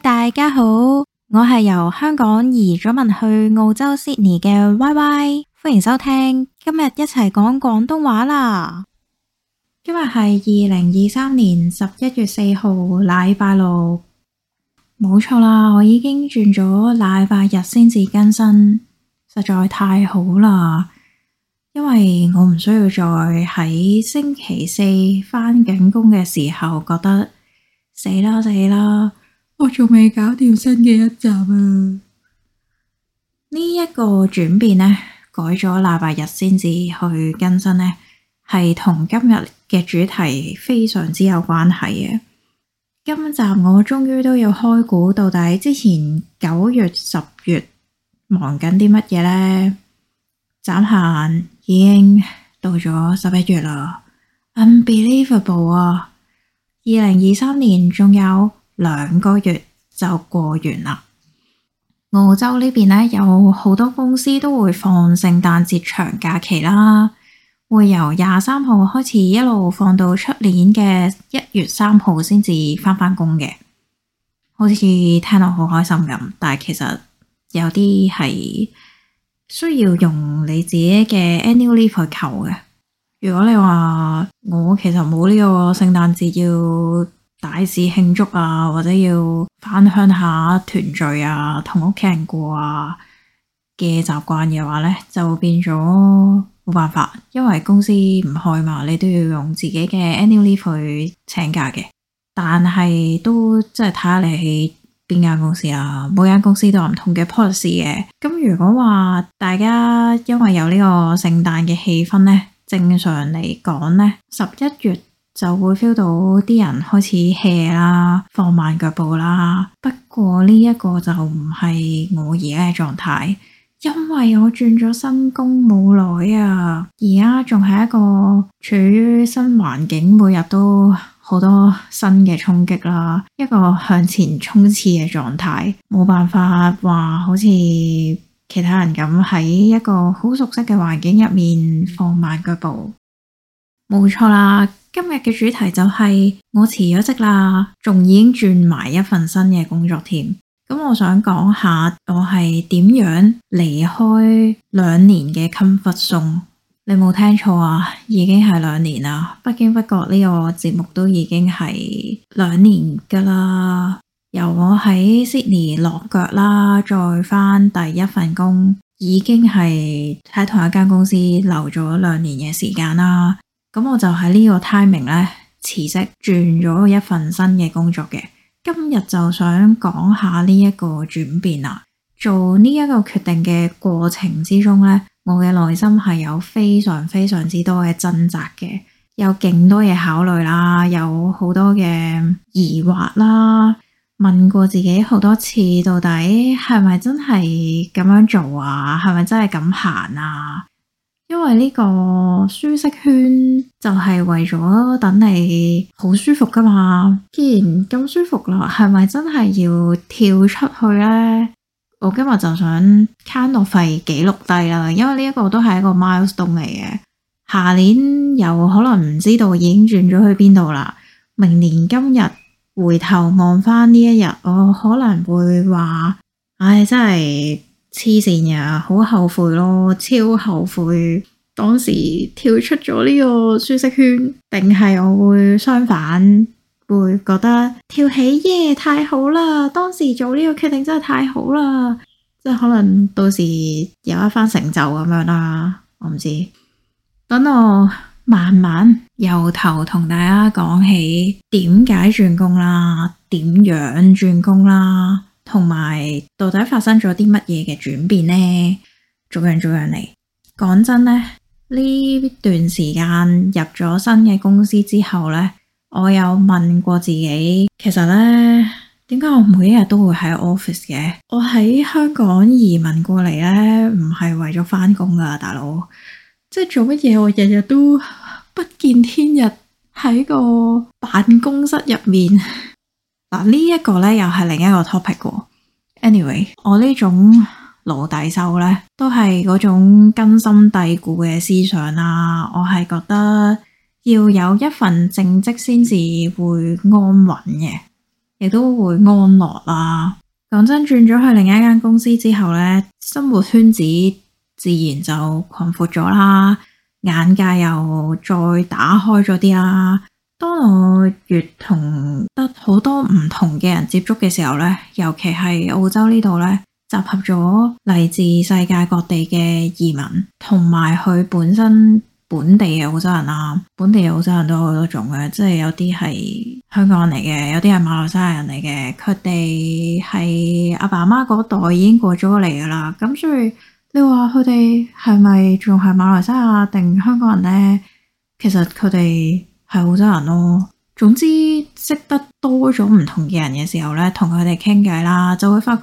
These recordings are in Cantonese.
大家好，我係由香港移咗民去澳洲悉尼嘅 Y Y，歡迎收聽今日一齊講廣東話啦。今日係二零二三年十一月四號禮拜六，冇錯啦，我已經轉咗禮拜日先至更新，實在太好啦，因為我唔需要再喺星期四返緊工嘅時候覺得死啦死啦。我仲未搞掂新嘅一集啊！呢一個轉變呢，改咗禮拜日先至去更新呢，係同今日嘅主題非常之有關係嘅。今集我終於都要開估到底之前九月、十月忙緊啲乜嘢呢？眨下眼已經到咗十一月啦！Unbelievable 啊！二零二三年仲有。兩個月就過完啦！澳洲呢邊呢，有好多公司都會放聖誕節長假期啦，會由廿三號開始一路放到出年嘅一月三號先至翻返工嘅。好似聽落好開心咁，但係其實有啲係需要用你自己嘅 annual leave 去扣嘅。如果你話我其實冇呢個聖誕節要。大肆慶祝啊，或者要返鄉下團聚啊，同屋企人過啊嘅習慣嘅話呢，就會變咗冇辦法，因為公司唔開嘛，你都要用自己嘅 annual leave 去請假嘅。但係都即係睇下你邊間公司啊，每間公司都有唔同嘅 policy 嘅。咁如果話大家因為有呢個聖誕嘅氣氛呢，正常嚟講呢，十一月，就會 feel 到啲人開始 hea 啦，放慢腳步啦。不過呢一個就唔係我而家嘅狀態，因為我轉咗新工冇耐啊，而家仲係一個處於新環境，每日都好多新嘅衝擊啦，一個向前衝刺嘅狀態，冇辦法話好似其他人咁喺一個好熟悉嘅環境入面放慢腳步。冇錯啦，今日嘅主題就係，我辭咗職啦，仲已經轉埋一份新嘅工作添。咁我想講下我係點樣離開兩年嘅 Comfort Zone。你冇聽錯啊，已經係兩年啦。不經不覺呢個節目都已經係兩年噶啦。由我喺 Sydney 落腳啦，再翻第一份工，已經係喺同一間公司留咗兩年嘅時間啦。咁我就喺呢個 timing 咧，辭職，轉咗一份新嘅工作嘅。今日就想講下呢一個轉變啦，做呢一個決定嘅過程之中咧，我嘅內心係有非常非常之多嘅掙扎嘅，有勁多嘢考慮啦，有好多嘅疑惑啦，問過自己好多次，到底係咪真係咁樣做啊？係咪真係咁行啊？因為呢個舒適圈就係為咗等你好舒服噶嘛，既然咁舒服啦，係咪真係要跳出去呢？我今日就想慳落費記錄低啦，因為呢一個都係一個 milestone 嚟嘅，下年又可能唔知道已經轉咗去邊度啦。明年今日回頭望翻呢一日，我可能會話：唉、哎，真係。黐線呀！好後悔咯，超後悔當時跳出咗呢個舒適圈，定係我會相反會覺得跳起耶太好啦，當時做呢個決定真係太好啦，即係可能到時有一番成就咁樣啦，我唔知。等我慢慢由頭同大家講起，點解轉工啦，點樣轉工啦？同埋到底發生咗啲乜嘢嘅轉變呢？做樣做樣嚟，講真呢，呢段時間入咗新嘅公司之後呢，我有問過自己，其實呢，點解我每一日都會喺 office 嘅？我喺香港移民過嚟呢，唔係為咗翻工噶，大佬，即係做乜嘢？我日日都不見天日喺個辦公室入面。嗱，呢一個咧，又係另一個 topic 喎。Anyway，我呢種奴隸呢種老大手咧，都係嗰種根深蒂固嘅思想啦、啊。我係覺得要有一份正職先至會安穩嘅，亦都會安樂啦。講真，轉咗去另一間公司之後咧，生活圈子自然就擴闊咗啦，眼界又再打開咗啲啦。當我越同得好多唔同嘅人接觸嘅時候咧，尤其係澳洲呢度咧，集合咗嚟自世界各地嘅移民，同埋佢本身本地嘅澳洲人啦，本地嘅澳洲人都好多種嘅，即係有啲係香港人嚟嘅，有啲係馬來西亞人嚟嘅，佢哋係阿爸阿媽嗰代已經過咗嚟㗎喇，噉所以你話佢哋係咪仲係馬來西亞定香港人呢？其實佢哋。係好多人咯。總之識得多咗唔同嘅人嘅時候咧，同佢哋傾偈啦，就會發覺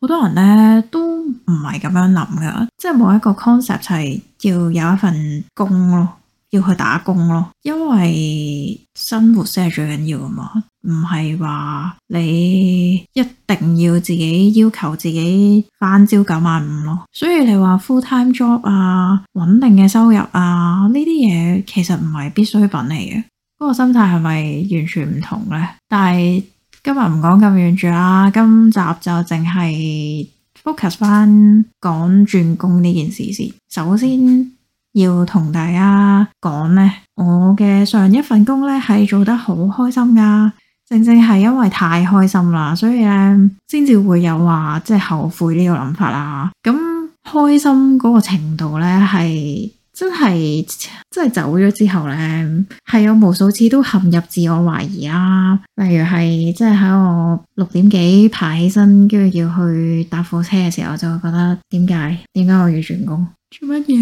好多人咧都唔係咁樣諗嘅，即冇一個 concept 係要有一份工咯。要去打工咯，因為生活先係最緊要噶嘛，唔係話你一定要自己要求自己翻朝九晚五咯。所以你話 full time job 啊，穩定嘅收入啊，呢啲嘢其實唔係必需品嚟嘅。嗰個心態係咪完全唔同呢？但係今日唔講咁遠住啦，今集就淨係 focus 翻講轉工呢件事先。首先。要同大家講呢，我嘅上一份工呢係做得好開心噶，正正係因為太開心啦，所以呢先至會有話即係後悔呢個諗法啦。咁開心嗰個程度呢，係真係真係走咗之後呢，係有無數次都陷入自我懷疑啊。例如係即係喺我六點幾爬起身，跟住要去搭火車嘅時候，我就會覺得點解，點解我要轉工做乜嘢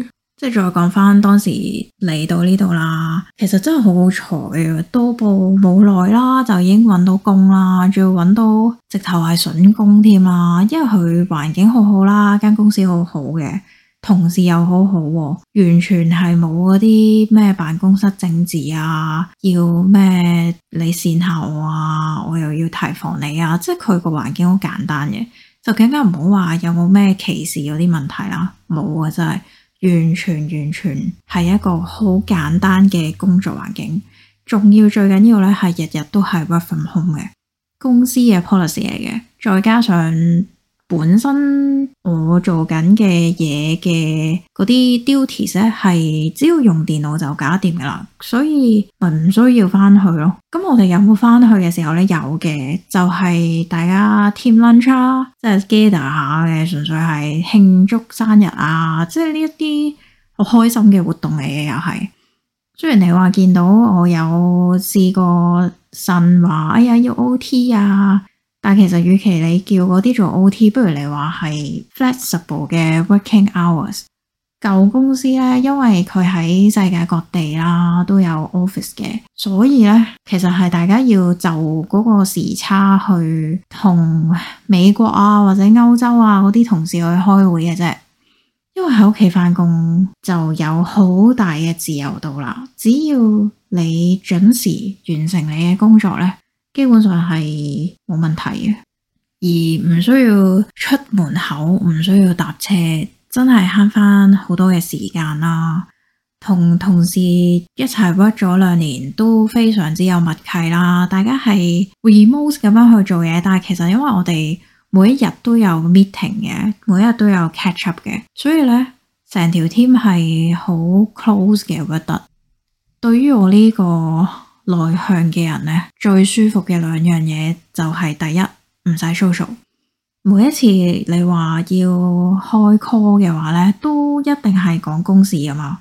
呢？即係再講翻當時嚟到呢度啦，其實真係好好彩啊！多報冇耐啦，就已經揾到工啦，仲要揾到直頭係筍工添啦。因為佢環境好好啦，間公司好好嘅，同事又好好，完全係冇嗰啲咩辦公室政治啊，要咩你善後啊，我又要提防你啊，即係佢個環境好簡單嘅，就更加唔好話有冇咩歧視嗰啲問題啦，冇啊真係。完全完全係一個好簡單嘅工作環境，仲要最緊要咧係日日都係 work from home 嘅，公司嘅 policy 嚟嘅，再加上，本身我做緊嘅嘢嘅嗰啲 duties 咧，係只要用電腦就搞掂噶啦，所以咪唔需要翻去咯。咁我哋有冇翻去嘅時候咧？有嘅就係、是、大家 team lunch 啊，即係 gather 下嘅，純粹係慶祝生日啊，即係呢一啲好開心嘅活動嚟嘅又係。雖然你話見到我有試過呻話，哎呀，要 OT 啊！但其實，與其你叫嗰啲做 OT，不如你話係 flexible 嘅 working hours。舊公司呢，因為佢喺世界各地啦都有 office 嘅，所以呢，其實係大家要就嗰個時差去同美國啊或者歐洲啊嗰啲同事去開會嘅啫。因為喺屋企返工就有好大嘅自由度啦，只要你準時完成你嘅工作呢。基本上係冇問題嘅，而唔需要出門口，唔需要搭車，真係慳翻好多嘅時間啦。同同事一齊 work 咗兩年都非常之有默契啦。大家係 remotes 咁樣去做嘢，但係其實因為我哋每一日都有 meeting 嘅，每一日都有 catch up 嘅，所以呢，成條 team 係好 close 嘅，我覺得。對於我呢個。內向嘅人呢，最舒服嘅兩樣嘢就係第一唔使 social 每一次你要話要開 call 嘅話呢，都一定係講公事啊嘛。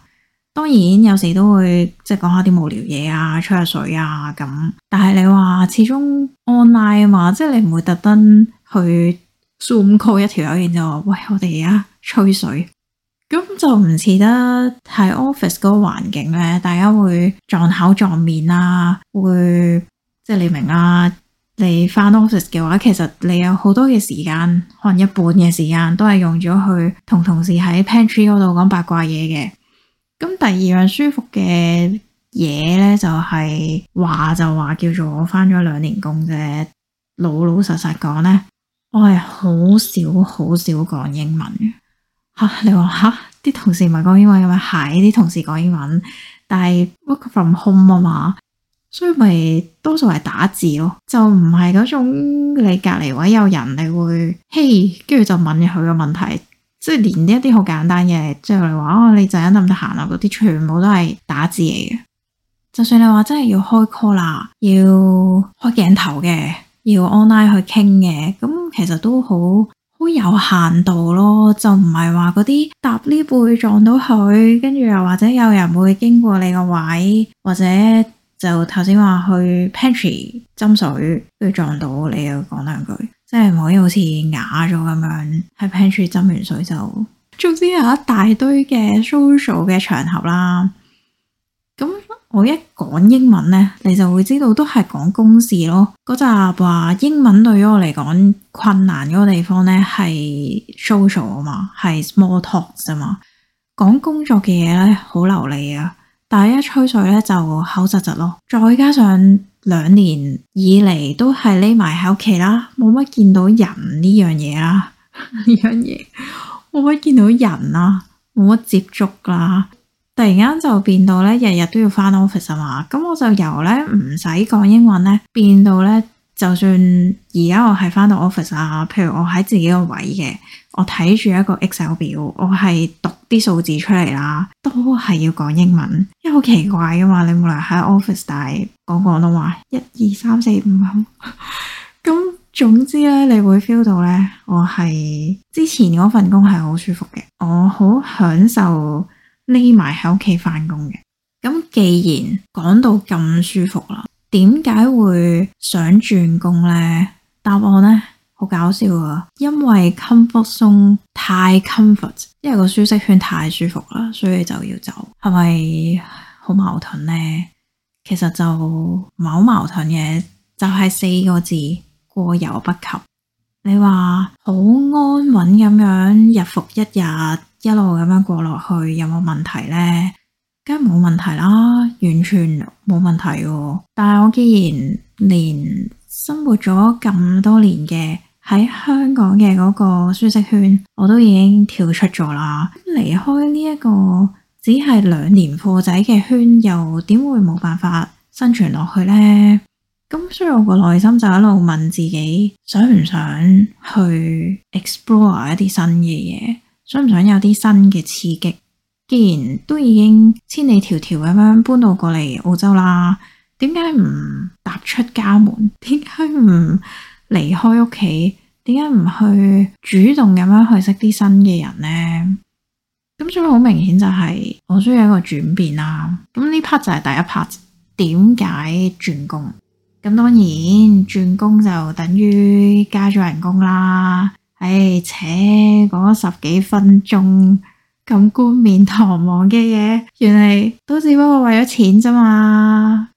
當然有時都會即係講下啲無聊嘢啊，吹下水啊咁。但係你話始終 online 啊嘛，即係你唔會特登去 Zoom call 一條友，然之後話喂我哋而家吹水。咁就唔似得喺 office 嗰個環境咧，大家會撞口撞面啦，啊，會即係你明啦，你翻 office 嘅話，其實你有好多嘅時間，可能一半嘅時間都係用咗去同同事喺 pantry 嗰度講八卦嘢嘅。咁第二樣舒服嘅嘢咧，就係、是、話就話叫做我翻咗兩年工啫，老老實實講咧，我係好少好少講英文嘅。吓、啊，你話吓，啲同事唔係講英文嘅？係啲同事講英文，但係 work from home 啊嘛，所以咪多數係打字咯，就唔係嗰種你隔籬位有人，你會嘿，跟住就問佢個問題，即係連一啲好簡單嘅，即係話哦，你陣間得唔得閒啊？嗰啲全部都係打字嚟嘅，就算你話真係要開 call 啦，要開鏡頭嘅，要 online 去傾嘅，咁其實都好。好有限度咯，就唔係話嗰啲搭呢背撞到佢，跟住又或者有人會經過你個位，或者就頭先話去 Pantry 斟水都撞到你，又講兩句，即係唔可以好似啞咗咁樣。喺 Pantry 斟完水就，總之有一大堆嘅 social 嘅場合啦。咁我一講英文呢，你就會知道都係講公事咯。嗰扎話英文對於我嚟講困難嗰個地方呢，係 social 啊嘛，係 small talk 啫嘛。講工作嘅嘢呢，好流利啊，但係一吹水呢，就口窒窒咯。再加上兩年以嚟都係匿埋喺屋企啦，冇乜見到人呢樣嘢啦，呢樣嘢，冇乜見到人啊，冇乜接觸啦。突然間就變到咧，日日都要翻 office 啊嘛。咁我就由咧唔使講英文咧，變到咧就算而家我係翻到 office 啊，譬如我喺自己個位嘅，我睇住一個 Excel 表，我係讀啲數字出嚟啦，都係要講英文，因為好奇怪噶嘛。你冇理由喺 office 但大講廣東話，一二三四五咁。咁總之咧，你會 feel 到咧，我係之前嗰份工係好舒服嘅，我好享受。匿埋喺屋企返工嘅，咁既然講到咁舒服啦，點解會想轉工呢？答案呢，好搞笑啊！因為 comfort zone 太 comfort，因為個舒適圈太舒服啦，所以就要走，係咪好矛盾呢！其實就唔係好矛盾嘅，就係、是、四個字過猶不及。你話好安穩咁樣日復一日。一路咁樣過落去有冇問題呢？梗係冇問題啦，完全冇問題嘅。但係我既然連生活咗咁多年嘅喺香港嘅嗰個舒適圈，我都已經跳出咗啦，離開呢一個只係兩年貨仔嘅圈，又點會冇辦法生存落去呢？咁所以我個內心就一路問自己，想唔想去 explore 一啲新嘅嘢？想唔想有啲新嘅刺激？既然都已經千里迢迢咁樣搬到過嚟澳洲啦，點解唔踏出家門？點解唔離開屋企？點解唔去主動咁樣去識啲新嘅人呢？咁所以好明顯就係我需要一個轉變啦。咁呢 part 就係第一 part，點解轉工？咁當然，轉工就等於加咗人工啦。唉、哎，扯講咗十幾分鐘咁冠冕堂皇嘅嘢，原嚟都只不過為咗錢啫嘛。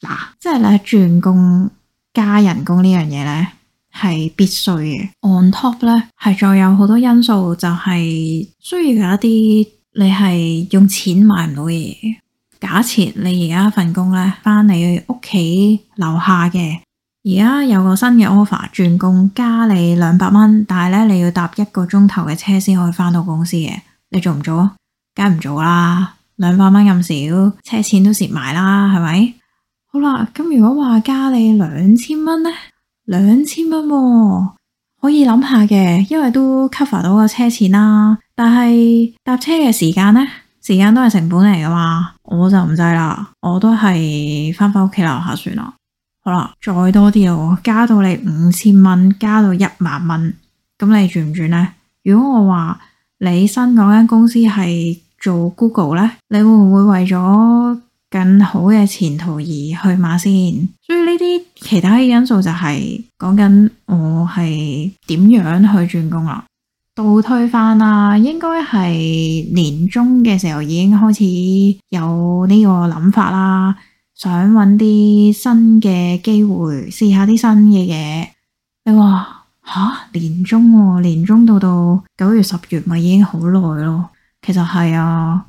嗱，即係你轉工加人工呢樣嘢咧，係必須嘅。On top 咧，係再有好多因素，就係、是、需要有一啲你係用錢買唔到嘅嘢。假設你而家份工咧，翻你屋企樓下嘅。而家有個新嘅 offer，轉工加你兩百蚊，但係咧你要搭一個鐘頭嘅車先可以翻到公司嘅，你做唔做，做啊？梗係唔做啦，兩百蚊咁少，車錢都蝕埋啦，係咪？好啦，咁如果話加你兩千蚊咧，兩千蚊喎，可以諗下嘅，因為都 cover 到個車錢啦。但係搭車嘅時間咧，時間都係成本嚟噶嘛，我就唔制啦，我都係翻返屋企樓下算啦。再多啲咯，加到你五千蚊，加到一萬蚊，咁你轉唔轉呢？如果我話你新嗰間公司係做 Google 咧，你會唔會為咗更好嘅前途而去馬先？所以呢啲其他嘅因素就係講緊我係點樣去轉工啦。倒退翻啦，應該係年終嘅時候已經開始有呢個諗法啦。想搵啲新嘅機會，試一下啲新嘅嘢。你話吓年中，年中、啊、到到九月十月，咪已經好耐咯。其實係啊，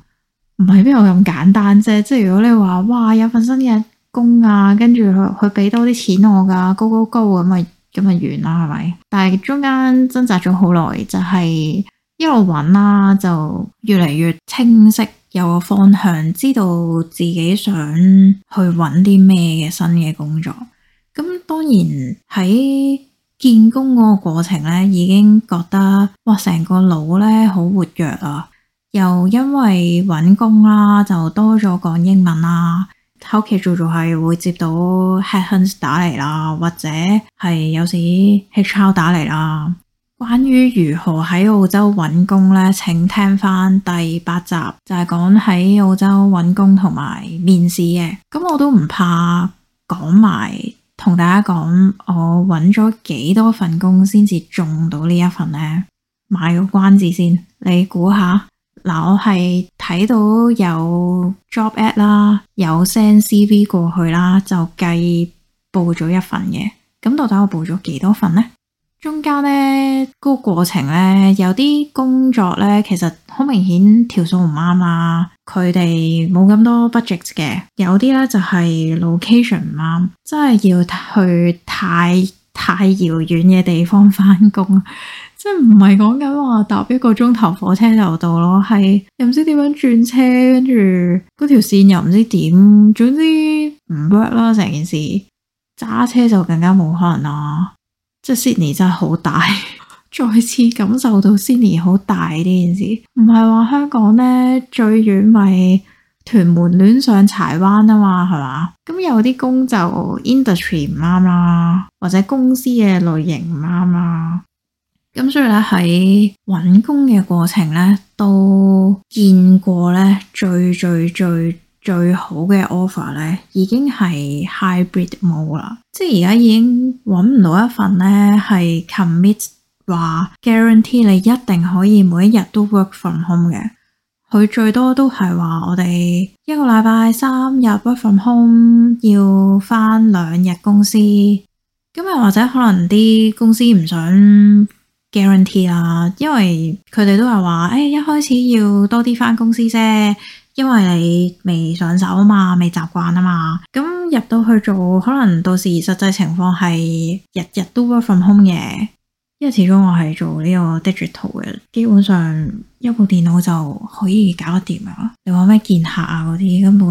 唔係邊有咁簡單啫。即係如果你話哇有份新嘅工啊，跟住佢佢俾多啲錢我噶，高高高咁咪咁咪完啦，係咪？但係中間掙扎咗好耐，就係、是、一路搵啦，就越嚟越清晰。有個方向，知道自己想去搵啲咩嘅新嘅工作。咁當然喺見工嗰個過程咧，已經覺得哇，成個腦咧好活躍啊！又因為搵工啦，就多咗講英文啦，後期做做係會接到 headhunt 打嚟啦，或者係有時 HR call 打嚟啦。關於如何喺澳洲揾工呢？請聽翻第八集，就係講喺澳洲揾工同埋面試嘅。咁我都唔怕講埋，同大家講我揾咗幾多份工先至中到呢一份呢？買個關子先，你估下嗱？我係睇到有 job ad 啦，有 send CV 過去啦，就計報咗一份嘅。咁到底我報咗幾多份呢？中間呢，這個過程呢，有啲工作呢，其實好明顯條數唔啱啊！佢哋冇咁多 budget 嘅，有啲呢就係 location 唔啱，真係要去太太遙遠嘅地方翻工，即係唔係講緊話搭一個鐘頭火車就到咯，係又唔知點樣轉車，跟住嗰條線又唔知點，總之唔 work 啦成件事，揸車就更加冇可能啦。即係 Sydney 真係好大， 再次感受到 Sydney 好大呢件事，唔係話香港呢最遠咪屯門、戀上柴灣啊嘛，係嘛？咁有啲工就 industry 唔啱啦，啊，或者公司嘅類型唔啱啦，咁所以咧喺搵工嘅過程呢都見過呢最最最。最好嘅 offer 咧，已經係 hybrid mode 啦。即係而家已經揾唔到一份咧，係 commit 話 guarantee 你一定可以每一日都 work from home 嘅。佢最多都係話我哋一個禮拜三日 work from home，要翻兩日公司。咁又或者可能啲公司唔想 guarantee 啊，因為佢哋都係話，誒、哎、一開始要多啲翻公司啫。因為你未上手啊嘛，未習慣啊嘛，咁入到去做，可能到時實際情況係日日都 work from home 嘅。因為始終我係做呢個 digital 嘅，基本上一部電腦就可以搞得掂啦。你話咩見客啊嗰啲，根本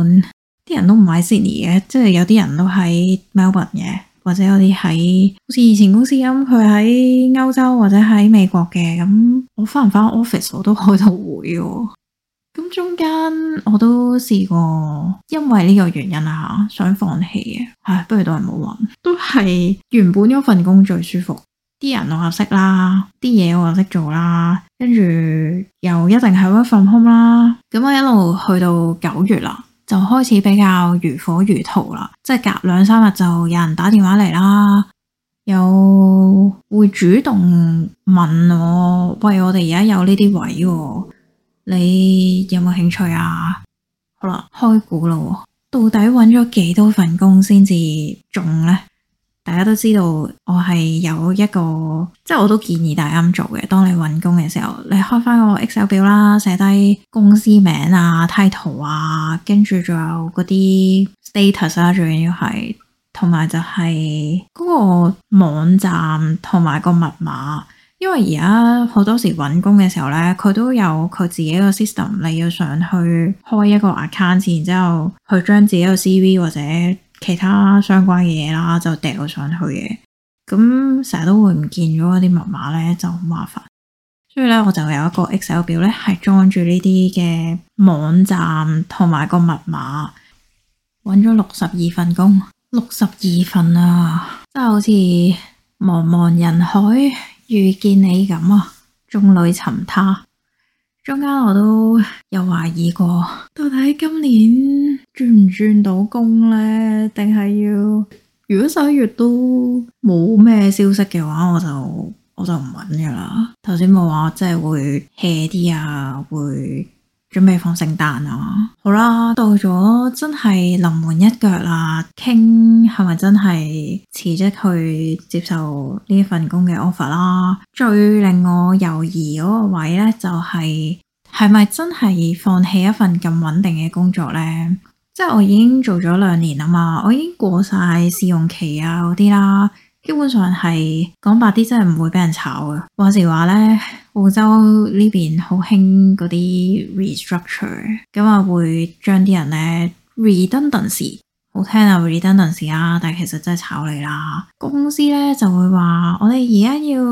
啲人，人都唔喺 Sydney 嘅，即係有啲人都喺 Melbourne 嘅，或者有啲喺好似以前公司咁，佢喺歐洲或者喺美國嘅，咁我翻唔翻 office 我都開到會嘅。咁中間我都試過，因為呢個原因啊，想放棄嘅，唉，不如都係冇運。都係原本嗰份工最舒服，啲人我識啦，啲嘢我又識做啦，跟住又一定係 work from home 啦。咁、嗯、我一路去到九月啦，就開始比較如火如荼啦，即係隔兩三日就有人打電話嚟啦，又會主動問我，喂，我哋而家有呢啲位。你有冇興趣啊？好啦，開估啦！到底揾咗幾多份工先至中呢？大家都知道我係有一個，即係我都建議大家咁做嘅。當你揾工嘅時候，你開翻個 Excel 表啦，寫低公司名啊、title 啊，跟住仲有嗰啲 status 啊，最緊要係同埋就係嗰個網站同埋個密碼。因為而家好多時揾工嘅時候呢，佢都有佢自己一個 system，你要上去開一個 account，然之後去將自己個 C.V. 或者其他相關嘅嘢啦，就掉上去嘅。咁成日都會唔見咗一啲密碼呢，就好麻煩。所以咧，我就有一個 Excel 表呢，係裝住呢啲嘅網站同埋個密碼。揾咗六十二份工，六十二份啊，真係好似茫茫人海。遇見你咁啊，眾裏尋他。中間我都有懷疑過，到底今年轉唔轉到工咧？定係要，如果十一月都冇咩消息嘅話，我就我就唔揾噶啦。頭先我話即係會 hea 啲啊，會。準備放聖誕啊！好啦，到咗真係臨門一腳啦，傾係咪真係辭職去接受呢一份工嘅 offer 啦？最令我猶疑嗰個位咧，就是，就係係咪真係放棄一份咁穩定嘅工作咧？即係我已經做咗兩年啦嘛，我已經過晒試用期啊嗰啲啦。基本上係講白啲，真係唔會俾人炒嘅。話時話咧，澳洲呢邊好興嗰啲 restructure，咁啊會將啲人咧 redundancy，好聽啊 redundancy 啦，但係其實真係炒你啦。公司咧就會話，我哋而家要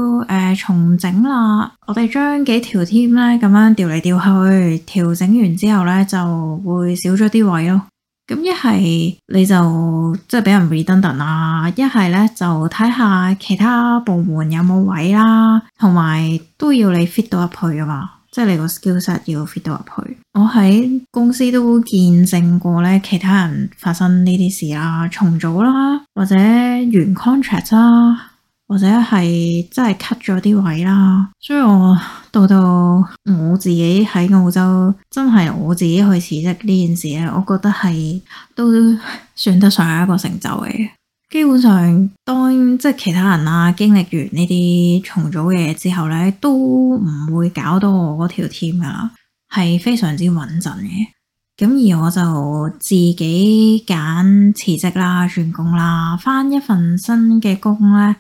誒重整啦，我哋將幾條 team 咧咁樣調嚟調去，調整完之後咧就會少咗啲位咯。咁一係你就即係俾人 redundant 啦，一係咧就睇下其他部門有冇位啦，同埋都要你 fit 到入去㗎嘛，即係你個 skillset 要 fit 到入去。我喺公司都見證過咧，其他人發生呢啲事啦，重組啦，或者原 contract 啦。或者係真係 cut 咗啲位啦，所以我到到我自己喺澳洲，真係我自己去辭職呢件事咧，我覺得係都算得上係一個成就嚟嘅。基本上當即係其他人啊，經歷完呢啲重組嘅之後咧，都唔會搞到我嗰條 team 噶啦，係非常之穩陣嘅。咁而我就自己揀辭職啦，轉工啦，返一份新嘅工咧。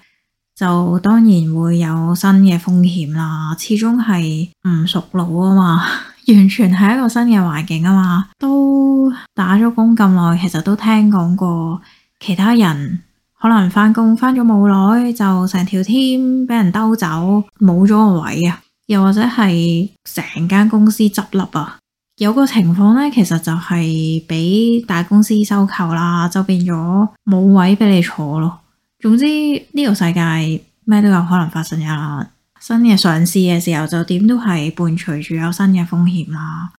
就當然會有新嘅風險啦，始終係唔熟路啊嘛，完全係一個新嘅環境啊嘛。都打咗工咁耐，其實都聽講過其他人可能翻工翻咗冇耐，就成條 team 俾人兜走，冇咗個位啊。又或者係成間公司執笠啊，有個情況呢，其實就係俾大公司收購啦，就變咗冇位俾你坐咯。總之呢、這個世界咩都有可能發生啊！新嘅上市嘅時候就點都係伴隨住有新嘅風險啦。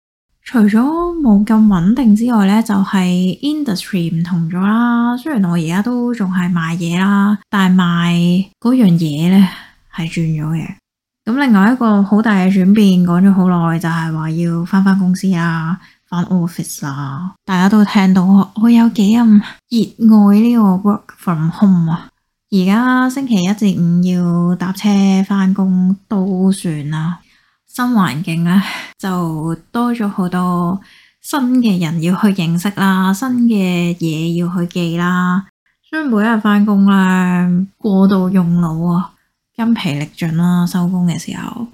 除咗冇咁穩定之外呢就係、是、industry 唔同咗啦。雖然我而家都仲係賣嘢啦，但係賣嗰樣嘢呢係轉咗嘅。咁另外一個好大嘅轉變，講咗好耐，就係、是、話要返返公司啦。翻 office 啦，大家都聽到我有幾咁熱愛呢個 work from home 啊！而家星期一至五要搭車翻工都算啦，新環境咧，就多咗好多新嘅人要去認識啦，新嘅嘢要去記啦，所以每一日翻工咧，過度用腦啊，筋疲力盡啦，收工嘅時候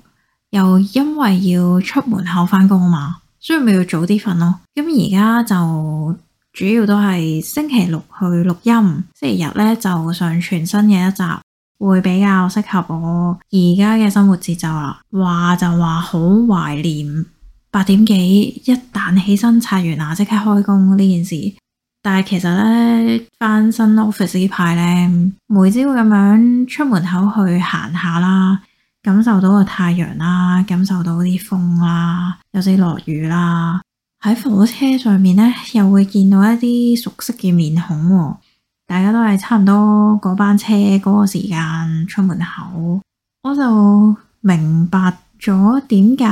又因為要出門口翻工啊嘛～所以咪要早啲瞓咯。咁而家就主要都係星期六去錄音，星期日咧就上傳新嘅一集，會比較適合我而家嘅生活節奏啦。話就話好懷念八點幾一彈起身擦完牙即刻開工呢件事，但係其實咧返新 office 呢排咧，每朝咁樣出門口去行下啦。感受到個太陽啦，感受到啲風啦，有陣落雨啦。喺火車上面呢，又會見到一啲熟悉嘅面孔，大家都係差唔多嗰班車嗰個時間出門口，我就明白咗點解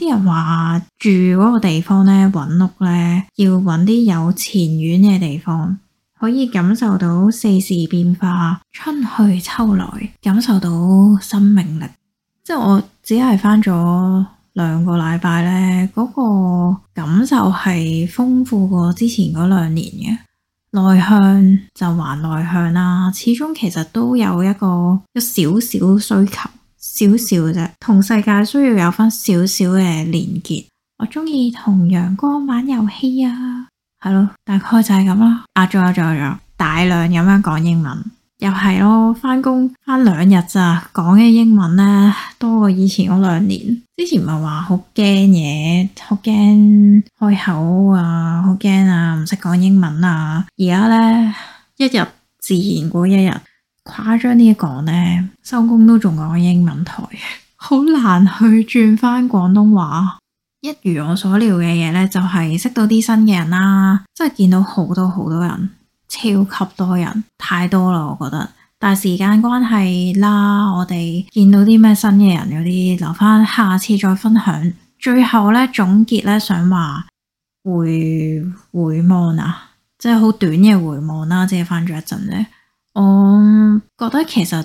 啲人話住嗰個地方呢，揾屋呢，要揾啲有前院嘅地方。可以感受到四時變化，春去秋來，感受到生命力。即係我只係翻咗兩個禮拜咧，嗰個感受係豐富過之前嗰兩年嘅。內向就還內向啦，始終其實都有一個一少少需求，少少啫，同世界需要有翻少少嘅連結。我中意同陽光玩遊戲啊！係咯，大概就係咁啦。壓咗壓咗壓，壓，大量咁樣講英文又係咯。翻工翻兩日咋，講嘅英文咧多過以前嗰兩年。之前唔係話好驚嘢，好驚開口啊，好驚啊，唔識講英文啊。而家咧一日自然過一日，誇張啲講咧，收工都仲講英文台，好難去轉翻廣東話。一如我所料嘅嘢呢，就係、是、識到啲新嘅人啦，即係見到好多好多人，超級多人，太多啦，我覺得。但係時間關係啦，我哋見到啲咩新嘅人嗰啲，留翻下，下次再分享。最後呢，總結呢，想話回回望啊，即係好短嘅回望啦，即係翻咗一陣呢，我覺得其實。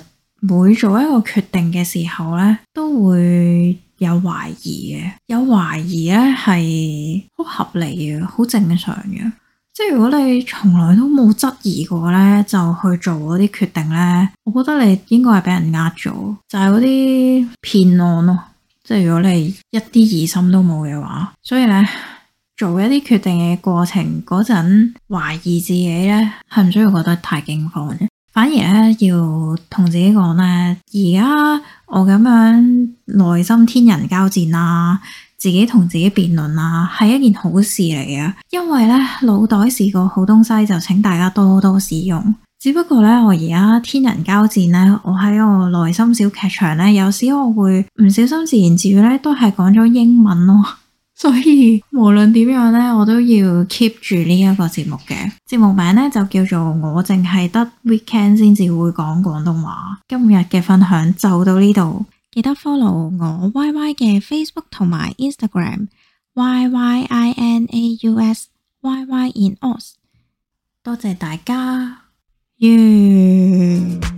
每做一個決定嘅時候呢，都會有懷疑嘅，有懷疑呢係好合理嘅，好正常嘅。即係如果你從來都冇質疑過呢，就去做嗰啲決定呢，我覺得你應該係俾人呃咗，就係嗰啲騙案咯。即係如果你一啲疑心都冇嘅話，所以呢，做一啲決定嘅過程嗰陣懷疑自己呢，係唔需要覺得太驚慌嘅。反而咧，要同自己講咧，而家我咁樣內心天人交戰啊，自己同自己辯論啊，係一件好事嚟啊，因為咧，腦袋是個好東西，就請大家多多使用。只不過咧，我而家天人交戰咧，我喺我內心小劇場咧，有時我會唔小心自言自語咧，都係講咗英文咯。所以無論點樣咧，我都要 keep 住呢一個節目嘅。節目名咧，就叫做我淨係得 weekend 先至會講廣東話。今日嘅分享就到呢度，記得 follow 我 Y Y 嘅 Facebook 同埋 Instagram Y Y I N A U S Y Y In Aus，多謝大家，完。